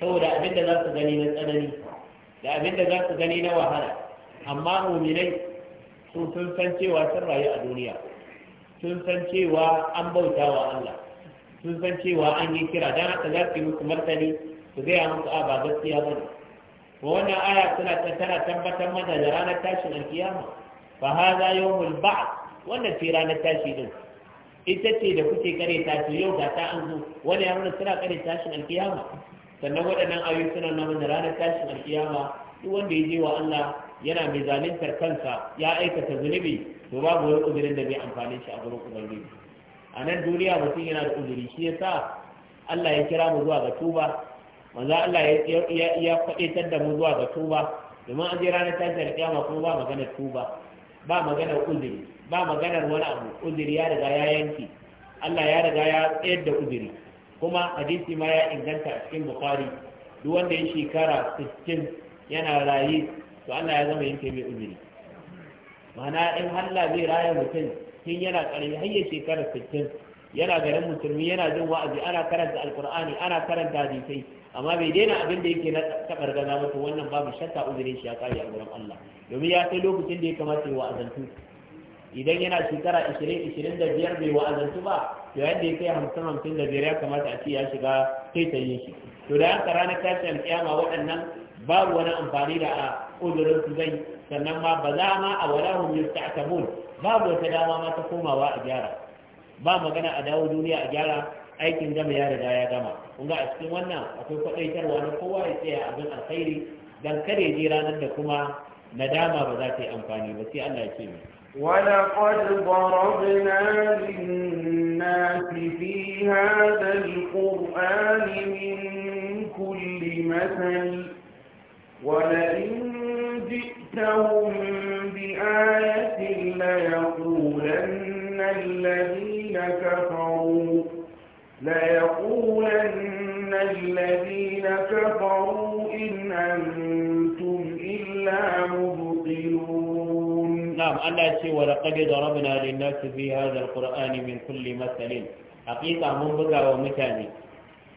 saboda abin da za su gani na tsanani da abin da za su gani na wahala amma muminai su sun san cewa sun rayu a duniya sun san cewa an bauta wa Allah sun san cewa an yi kira don haka za su yi musu martani su gaya musu a ba gaskiya ba ne wannan aya suna tattara tabbatar mana da ranar tashin alkiyama fa hadha yawmul ba'd wannan ce ranar tashi din ita ce da kuke kare tashi yau ga ta an zo wani ya nuna suna kare tashin alkiyama sannan waɗannan ayoyi suna nuna ranar tashin alkiyama duk wanda ya je wa Allah yana mai zaluntar kansa ya aikata zunubi to babu wani uzurin da bai amfani shi a gurin ubangiji a nan duniya mutum yana da uzuri shi ya sa Allah ya kira mu zuwa ga tuba manzo Allah ya faɗitar da mu zuwa ga tuba domin an je ranar tashin alkiyama kuma ba magana tuba ba maganar uzuri ba maganar wani abu uzuri ya riga ya yanki Allah ya riga ya tsayar da uzuri kuma hadisi ma ya inganta a cikin bukari duk wanda ya shekara 60 yana raye to Allah ya zama yanke mai uzuri mana in Allah zai raya mutum tun yana ƙarfi har ya shekara 60 yana garin musulmi yana jin wa'azi ana karanta alqur'ani ana karanta hadisai amma bai daina abin da yake na kabar gaza mutum wannan babu shakka uzurin shi ya kare a gurin Allah domin ya kai lokacin da ya kamata ya wa'azantu idan yana shekara da biyar bai wa'azantu ba to yadda ya kai hamsin-hamsin da biyar ya kamata a ce ya shiga kai ta yi shi to da haka ranar tashin kiyama waɗannan babu wani amfani da a ƙudurin su zai sannan ma ba za ma a wala ta yusta'tabun babu wata dama ma ta komawa a gyara ba magana a dawo duniya a gyara aikin gama ya riga ya gama kun ga a cikin wannan akwai kwaɗaitarwa na kowa ya tsaya abin alkhairi dan kare je ranar da kuma nadama ba za ta yi amfani ba sai Allah ya ce mai ولقد ضربنا للناس في هذا القرآن من كل مثل ولئن جئتهم بآية ليقولن الذين كفروا ليقولن na'am Allah ce wa laqad darabna lin-nasi fi hadha al-qur'ani min kulli mathalin haqiqa mun buga wa mutane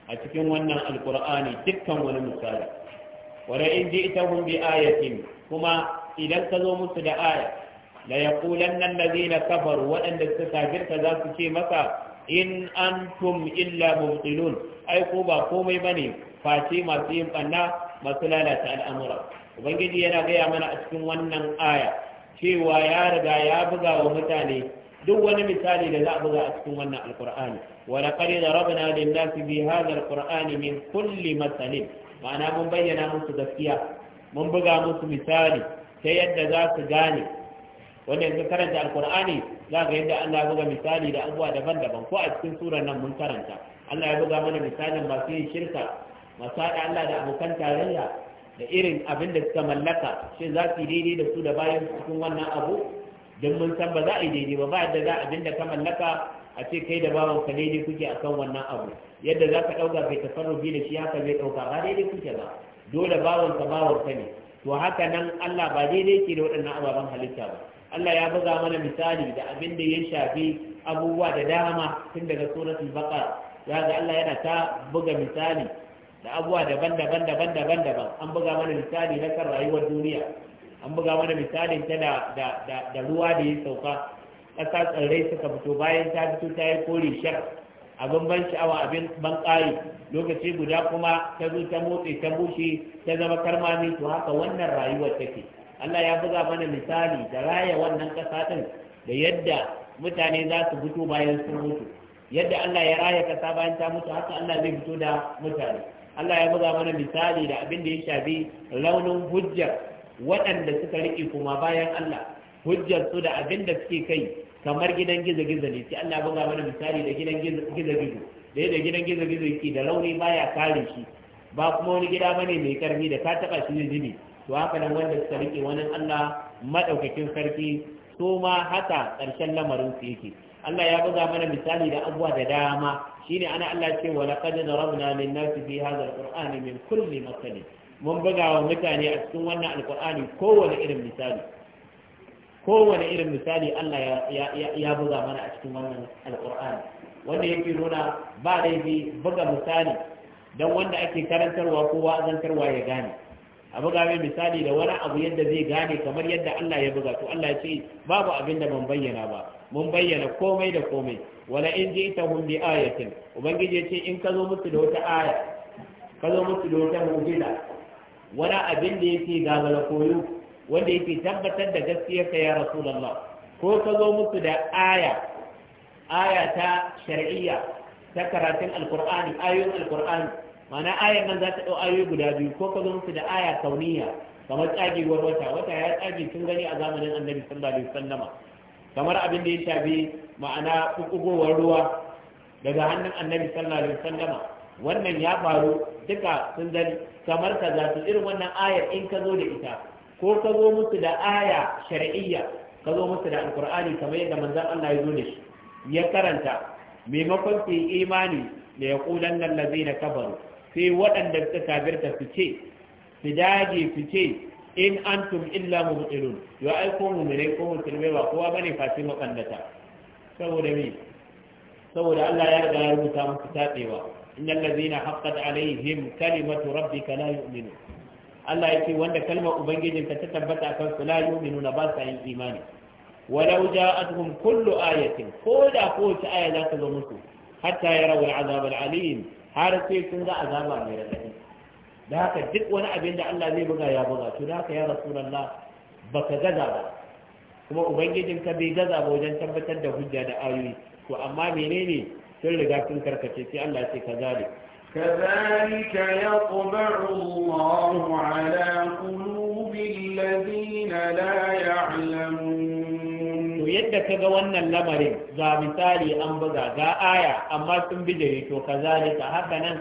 a cikin wannan alqur'ani dukkan wani misali wa la in ji'tahum bi ayatin kuma idan ka zo musu da aya la yaqulanna alladhina kafaru waɗanda suka kafirta za su ce maka in antum illa mubtilun ai ko ba komai bane face masu yin banna masu lalata al'amura ubangiji yana gaya mana a cikin wannan aya cewa ya riga ya buga wa mutane duk wani misali da za a buga a cikin wannan alkur'ani wa laqad darabna lin-nasi bi hadha alqur'ani min kulli masalin ma'ana mun bayyana musu gaskiya mun buga musu misali ta yadda za su gane wanda yanzu karanta alkur'ani za ga yadda Allah ya buga misali da abubuwa daban-daban ko a cikin surar nan mun karanta Allah ya buga mana misalin masu yin shirka masu haɗa Allah da abokan tarayya da irin abin da suka mallaka shi za su yi daidai da su da bayan cikin wannan abu don mun san ba za a yi daidai ba ba yadda za abin da ka mallaka a ce kai da bawan ka daidai kuke a kan wannan abu yadda za ka ɗauka kai tafarrufi da shi haka zai ɗauka ba daidai kuke ba dole bawan ka bawan ka ne to haka nan Allah ba daidai ke da waɗannan ababen halitta ba Allah ya buga mana misali da abin da ya shafi abubuwa da dama tun daga suratul baqara ya ga Allah yana ta buga misali da abuwa daban-daban daban-daban daban an buga mana misali na kan rayuwar duniya an buga mana misali ta da ruwa da ya sauka ƙasa tsirrai suka fito bayan ta fito ta yi kore shar abin ban sha'awa abin ban ƙari lokaci guda kuma ta zo ta motsi ta bushe ta zama karmami to haka wannan rayuwar take Allah ya buga mana misali da raya wannan ƙasa ɗin da yadda mutane za su fito bayan sun mutu yadda Allah ya raya ƙasa bayan ta mutu haka Allah zai fito da mutane Allah ya buga mana misali da abin da ya shafi launin hujjar waɗanda suka riƙe kuma bayan Allah hujjar su da abin da suke kai kamar gidan gizo-gizo ne sai Allah ya buga mana misali da gidan gizo-gizo da yadda gidan gizo-gizo yake da launi baya kare shi ba kuma wani gida bane mai karfi da ka taba shi zubi to haka nan wanda suka riƙe wani Allah madaukakin sarki su ma haka ƙarshen lamarin su yake Allah ya buga mana misali da abuwa da dama shine ana Allah ce wa laqad darabna lin nasi fi hadha alqur'ani min kulli masalin mun buga wa mutane a cikin wannan alqur'ani kowane irin misali kowane irin misali Allah ya buga mana a cikin wannan alqur'ani wanda yake nuna ba laifi buga misali dan wanda ake karantarwa ko wa'azantarwa ya gane a buga mai misali da wani abu yadda zai gane kamar yadda Allah ya buga to Allah ya ce babu abin da ban bayyana ba mun bayyana komai da komai wala in ji'tahum bi ayatin ubangiji ce in ka zo musu da wata aya ka zo musu da wata mu'jiza wani abin da yake gagara koyo wanda yake tabbatar da gaskiyarka ya rasulullah ko ka zo musu da aya aya ta shar'iyya ta karatun alqur'ani ayoyin alqur'ani ma'ana ayar nan za ta ɗau ayoyi guda biyu ko ka zo musu da aya kauniya kamar tsagewar wata wata ya tsage tun gani a zamanin annabi sallallahu alaihi wasallama kamar abin da ya shafi ma'ana kukugowar ruwa daga hannun annabi sallallahu alaihi wasallama wannan ya faru duka sun zani kamar ka za su irin wannan ayar in ka zo da ita ko ka zo musu da aya shar'iyya ka zo musu da alkur'ani kamar yadda manzon Allah ya zo da shi ya karanta maimakon su yi imani da ya kulan nan na kabaru sai waɗanda suka kafirta su ce su dage su ce in antum illa mubtilun ya ai ko mu ne ko musulmai ba kowa bane fatin makandata saboda me saboda Allah ya riga ya rubuta musu tabewa innal ladzina haqqat alaihim kalimatu rabbika la yu'minun Allah yake wanda kalmar ubangijinka ta tabbata kan su la ba sa yin imani ولو جاءتهم كل آية Hatta ya آية لا تظنكم حتى يروا العذاب العليم هذا سيكون عذاب غير da haka duk wani abin da Allah zai buga ya buga to da haka ya rasulullah baka gaza ba kuma ubangijin ka bai gaza ba wajen tabbatar da hujja da ayoyi to amma menene sun riga sun karkace sai Allah sai ka zale كذلك يطبع الله على قلوب الذين لا يعلمون to yadda kaga wannan lamarin ga misali an buga ga aya amma sun da to kazalika haka nan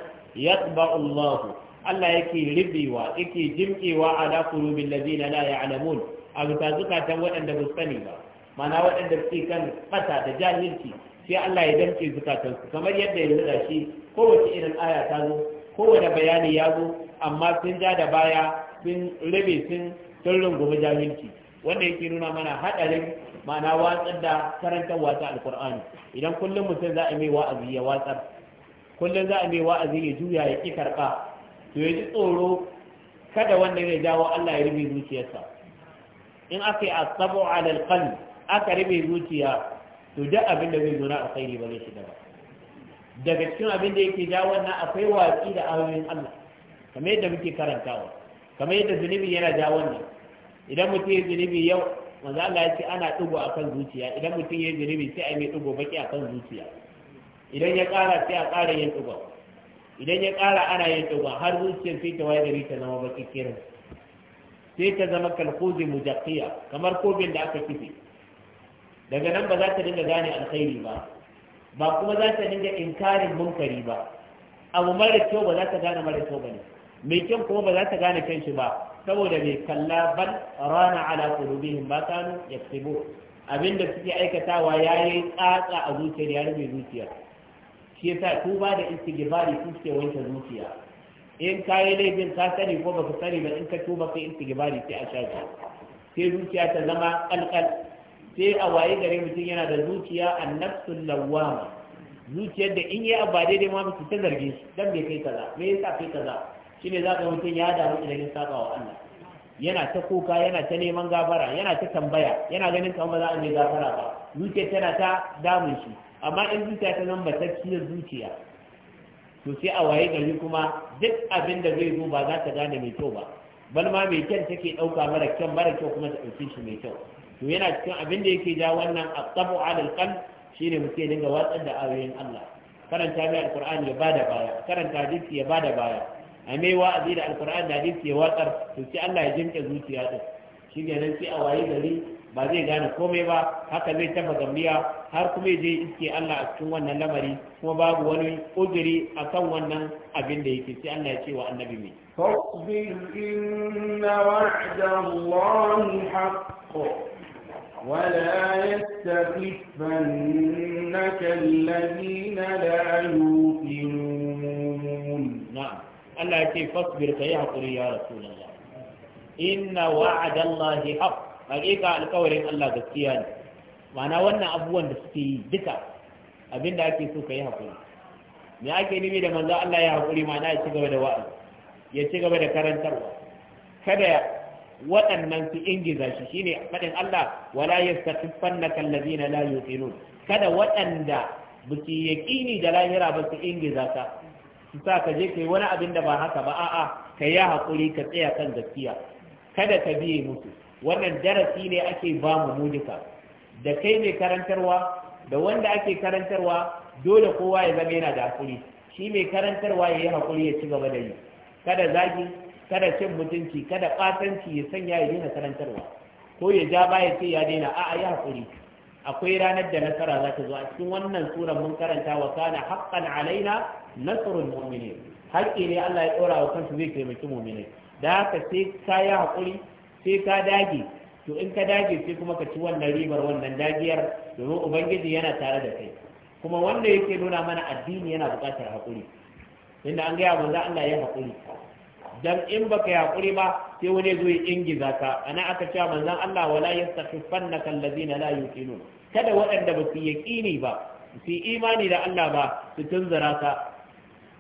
Allahu Allah yake ribewa yake jimkewa ala qulubil ladina la ya'lamun a bisa zukatan waɗanda ba sani ba mana waɗanda suke kan fata da jahilci sai Allah ya damke zukatan su kamar yadda ya rada shi kowace irin aya ta zo kowane bayani ya zo amma sun ja da baya sun rabe sun sun rungumi jahilci wanda yake nuna mana haɗarin ma'ana watsar da karantar wata alkur'ani idan kullum mutum za a mai wa'azi ya watsar kullum za a mai wa'azi ya juya ya ƙi karɓa to ya ji tsoro kada wanda ya jawo Allah ya rubi zuciyarsa in aka yi asabu alal qalb aka rubi zuciya to duk abin da zai zo na alkhairi ba zai shiga ba daga cikin abin da yake jawo na akwai watsi da ayoyin Allah kamar yadda muke karantawa kamar yadda zunubi yana jawo ne idan mutum ya zunubi yau manzo Allah ya ce ana dugo akan zuciya idan mutum ya zunubi sai a mai dugo baki akan zuciya idan ya ƙara sai a ƙara yin dugo idan ya ƙara ana yin ta'uba, har zuciyar sai ta waye gari ta zama baki kirin sai ta zama kalkozi mujaqiya kamar kobin da aka kife daga nan ba za ta dinga gane alkhairi ba ba kuma za ta dinga inkarin munkari ba abu mara kyau ba za ta gane mara kyau bane mai kyan kuma ba za ta gane kyan shi ba saboda mai kalla bal rana ala qulubihim ba kanu yaksibu abinda suke aikatawa yayi tsatsa a zuciyar ya rufe zuciyar shi yasa ba da istighfari ku suke wanke zuciya in ka yi laifin ka sani ko baka sani ba in ka tuba kai istighfari sai a shafi sai zuciya ta zama kalkal sai a waye gare mutum yana da zuciya annafsul lawwama zuciyar da in yi abu ba daidai ma mutum ta zarge shi dan bai kai kaza me yasa kai kaza shine za ka mutum ya damu idan ya saba wa Allah yana ta kuka yana ta neman gafara yana ta tambaya yana ganin kamar ba za a mai gafara ba zuciyar tana ta damun shi amma in zuciya ta ta ciyar zuciya to sai a waye gari kuma duk abin da zai zo ba za ta gane mai kyau ba bal ma mai kyan take dauka mara kyan mara kyau kuma ta dauke shi mai kyau to yana cikin abin da yake ja wannan asabu alal qalb shine mutum ya dinga watsar da ayoyin Allah karanta mai alqur'ani ya bada baya karanta hadisi ya bada baya a mai wa'azi da alqur'ani da hadisi ya watsar to sai Allah ya jinka zuciya din shi ne sai a waye gari ba zai gane komai ba haka zai tafa gambiya har kuma je iske Allah a cikin wannan lamari kuma babu wani a akan wannan abin da yake sai Allah ya ce wa annabi mai fasbir inna wa'da Allahi haqqo ولا يستخفنك الذين لا يوقنون نعم الله يقول فاصبر فيا يا رسول الله إن وعد الله حق hakika alkawarin Allah gaskiya ne ma'ana wannan abubuwan da suke yi duka abin da ake so ka yi haƙuri me ake nimi da manzo Allah ya haƙuri ma'ana ya ci gaba da wa'azi ya ci gaba da karantarwa kada waɗannan su ingiza shi shine faɗin Allah wala yastaqifannaka allazina la yuqinun kada waɗanda ba su yaƙini da lahira ba su ingiza ka su sa ka je kai wani abin da ba haka ba a'a ka yi haƙuri ka tsaya kan gaskiya kada ka biye musu wannan darasi ne ake ba mu mujika da kai mai karantarwa da wanda ake karantarwa dole kowa ya zama yana da hakuri shi mai karantarwa ya yi hakuri ya ci gaba da yi kada zagi kada cin mutunci kada ɓatanci ya sanya ya daina karantarwa ko ya ja baya ce ya daina a'a ya hakuri akwai ranar da nasara za ta zo a cikin wannan suran mun karanta wa kana haqqan alaina nasrul mu'minin haƙƙi ne Allah ya ɗora wa kansu zai taimaki mu'minai da haka sai ka yi hakuri sai ka dage to in ka dage sai kuma ka ci wannan ribar wannan dagiyar domin ubangiji yana tare da kai kuma wanda yake nuna mana addini yana buƙatar haƙuri inda an gaya manzo Allah ya haƙuri dan in baka yaƙuri ba sai wani zo ya ingiza ka ana aka cewa manzo Allah wala yastakhifannaka alladhina la yuqinun kada waɗanda ba su yaƙini ba su imani da Allah ba su tunzura ka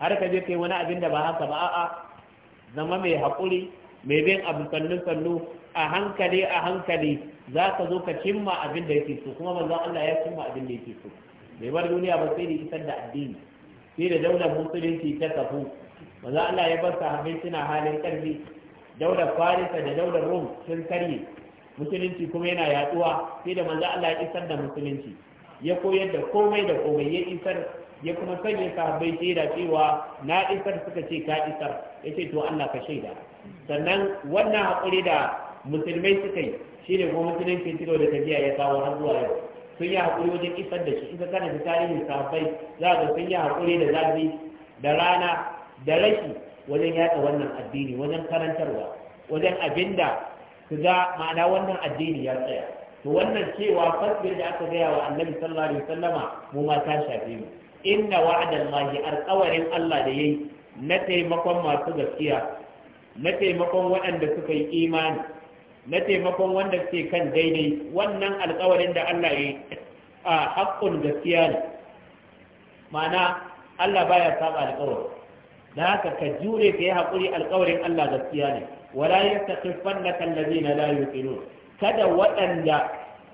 har ka je kai wani abin da ba haka ba a'a zama mai haƙuri mai bin abu sannu sannu a hankali a hankali za ka zo ka cimma abin da yake so kuma banzan Allah ya cimma abin da yake so Mai bar duniya ba sai da isar da addini sai da daular musulunci ta tafu banzan Allah ya bar sahabbai suna halin karfi daular farisa da daular rum sun karye musulunci kuma yana yaduwa sai da manzon Allah ya isar da musulunci ya koyar da komai da komai ya isar ya kuma sanya sahabbai shaida cewa na isar suka ce ka isar ya ce to Allah ka shaida sannan wannan hakuri da musulmai suka yi shi ne kuma musulunci tiro da tafiya ya kawo har zuwa yau sun yi haƙuri wajen isar da shi isa kana da tarihin sahabbai za ga sun yi haƙuri da zafi da rana da rashi wajen yaɗa wannan addini wajen karantarwa wajen abinda su ga ma'ana wannan addini ya tsaya to wannan cewa fasbir da aka gaya wa annabi sallallahu alaihi wasallama mu ma ta shafe mu inna wa'adallahi alƙawarin Allah da yayi na taimakon masu gaskiya na taimakon waɗanda suka yi imani na taimakon wanda suke kan daidai wannan alkawarin da Allah ya yi a haƙƙun gaskiya ne ma'ana Allah baya saba alkawari da haka ka jure ka yi haƙuri alkawarin Allah gaskiya ne wala yastaqifannaka allazina la yuqinun kada waɗanda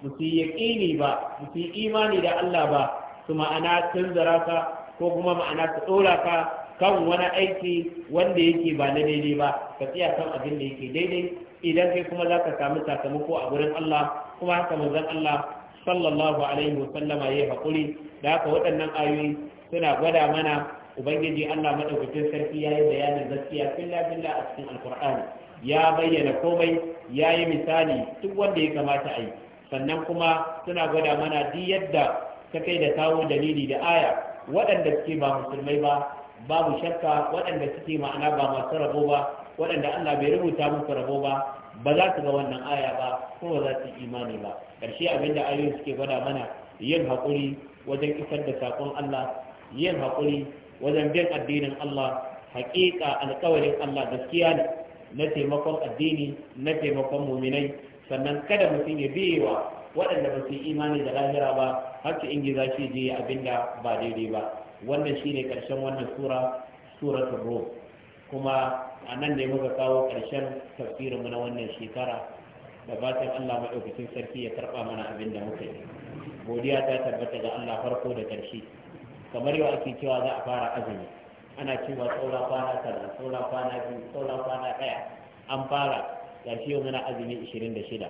ba su yaƙini ba ba su imani da Allah ba su ma'ana tunzara ka ko kuma ma'ana su ɗora ka kan wani aiki wanda yake ba na daidai ba ka tsaya kan abin da yake daidai idan kai kuma za ka samu sakamako a gurin Allah kuma haka manzon Allah sallallahu alaihi wasallama yayi hakuri da haka waɗannan ayoyi suna gwada mana ubangiji Allah madaukakin sarki yayi bayanin gaskiya filla filla a cikin alqur'ani ya bayyana komai yayi misali duk wanda ya kamata a yi sannan kuma suna gwada mana di yadda ka kai da kawo dalili da aya waɗanda suke ba musulmai ba babu shakka waɗanda suke ma'ana ba masu rabo ba waɗanda Allah bai rubuta musu rabo ba ba za su ga wannan aya ba ko ba za su imani ba ƙarshe abin da ayoyin suke gwada mana yin haƙuri wajen isar da saƙon Allah yin haƙuri wajen bin addinin Allah haƙiƙa alƙawarin Allah gaskiya ne na taimakon addini na taimakon muminai sannan kada mutum ya biyewa waɗanda ba su imani da lahira ba har su ingiza shi je abinda ba daidai ba wannan shine karshen wannan sura suratul rum kuma a nan ne muka kawo karshen tafsirin mu na wannan shekara da fatan Allah madaukakin sarki ya karba mana abin da muka yi godiya ta tabbata ga Allah farko da karshe kamar yau ake cewa za a fara azumi ana cewa saura kwana kaza saura kwana biyu saura kwana ɗaya an fara gashi yau muna azumi 26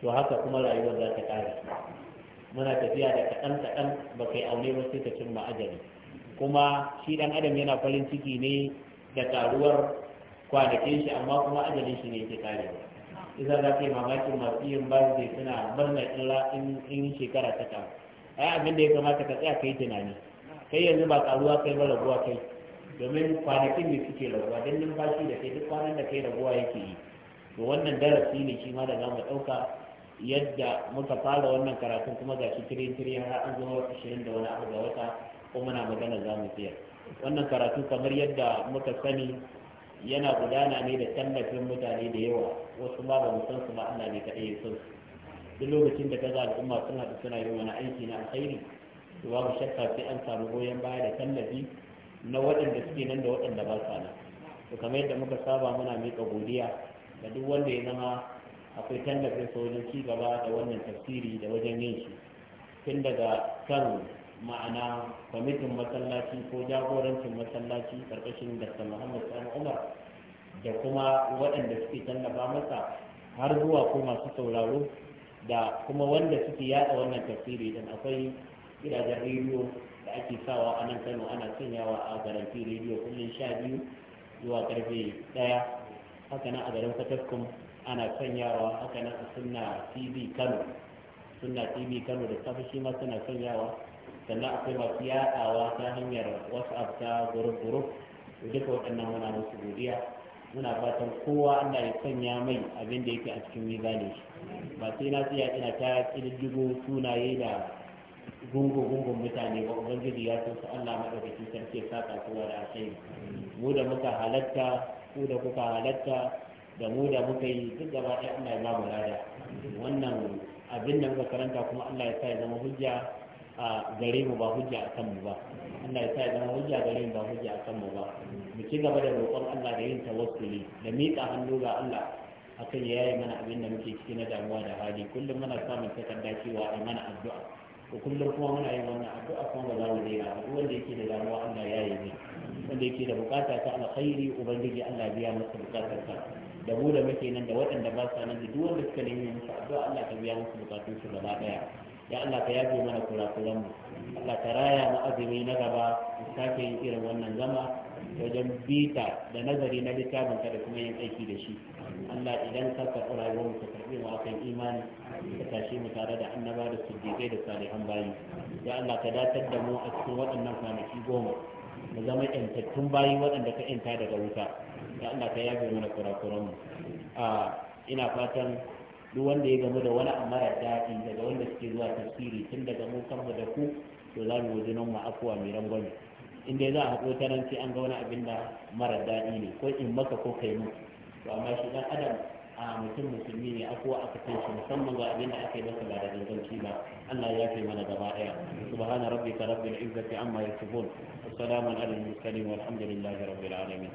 to haka kuma rayuwar za ta ƙare muna tafiya da kaɗan kaɗan ba kai aure ba sai ka cimma ajali kuma shi dan adam yana farin ciki ne da taruwar kwanakin shi amma kuma ajalin shi ne yake kare idan za ka yi mamakin masu yin birthday suna murna in shekara ta kawo ai abin da ya kamata ka tsaya kai tunani kai yanzu ba karuwa kai ba raguwa kai domin kwanakin ne suke raguwa don numfashi da kai duk kwanan da kai raguwa yake yi to wannan darasi ne shi ma da za mu ɗauka yadda muka fara wannan karatun kuma ga shi tire tire har an wata shirin da wani abu ga wata ko muna magana za mu siya wannan karatu kamar yadda muka sani yana gudana ne da tallafin mutane da yawa wasu ma ba musan su ma Allah ne kaɗai ya san su duk lokacin da kaza al'umma sun haɗu suna yin wani aiki na alkhairi to babu shakka sai an samu goyon baya da tallafi na waɗanda suke nan da waɗanda ba sa nan to kamar yadda muka saba muna miƙa godiya da duk wanda ya zama akwai tallafin sojoji gaba da wannan tafsiri da wajen yin shi tun daga kan ma'ana kwamitin masallaci ko jagorancin masallaci karkashin dr muhammad sani umar da kuma waɗanda suke tallafa masa har zuwa ko masu sauraro da kuma wanda suke yada wannan tafsiri idan akwai gidajen rediyo da ake sawa a nan kano ana sanyawa a garanti rediyo kullum sha biyu zuwa karfe ɗaya haka nan a garin fatakkum ana sanyawa haka nan a suna tv kano suna tv kano da safi shi ma suna sanyawa sannan akwai masu yaɗawa ta hanyar whatsapp ta guruf gurup duka waɗannan muna musu godiya muna fatan kowa allah ya sanya mai abin da yake a cikin mizani ba sai na tsaya ina ta ƙididdigo sunaye da gungu-gungun mutane ba ubangiji ya san su allah maɗaukaki sarki sa kasuwa da asai mu da muka halatta ku da kuka halatta da mu da muka yi duk gaba ɗaya allah ya ba mu wannan abin da muka karanta kuma allah ya sa ya zama hujja a gare mu ba hujja a kanmu ba Allah ya sa ya zama hujja gare mu ba hujja a kanmu ba mu ci gaba da roƙon Allah da yin tawassuli da miƙa hannu ga Allah akan ya yi mana abin da muke ciki na damuwa da hali kullum muna samun takarda cewa a mana addu'a ko kullum kuma muna yin wannan addu'a kuma ba za mu daina ba wanda yake da damuwa Allah ya yi ne wanda yake da bukata ta alkhairi ubangiji Allah biya masa bukatar sa da mu da muke nan da waɗanda ba sa nan da duk wanda suka nemi musu addu'a Allah ka biya musu bukatun su gaba ɗaya. ya Allah ka yafe mana kurakuran mu Allah ka raya mu azumi na gaba mu sake yin irin wannan zama wajen bita da nazari na littafin ka da kuma yin aiki da shi Allah idan ka karɓi rayuwar mu ka karɓi mu akan imani ka tashi mu tare da annaba da siddiqai da salihan bayi ya Allah ka datar da mu a cikin waɗannan kwanaki goma mu zama yantattun bayi waɗanda ka yanta daga wuta ya Allah ka yafe mana kurakuran mu ah, ina fatan duk wanda ya gamu da wani mara daɗi daga wanda suke zuwa tafsiri tun daga mu kanmu da ku to za mu wajen mu afuwa mai rangwame in dai za a haɗo ta nan sai an ga wani abin da mara daɗi ne ko in maka ko kai mu to amma shi dan adam a mutum musulmi ne akuwa aka kai shi musamman ga abin da aka yi masa ba da danganci ba Allah ya kai mana gaba ɗaya subhana rabbika rabbil izzati amma yasifun wa salamun alal mursalin walhamdulillahi rabbil alamin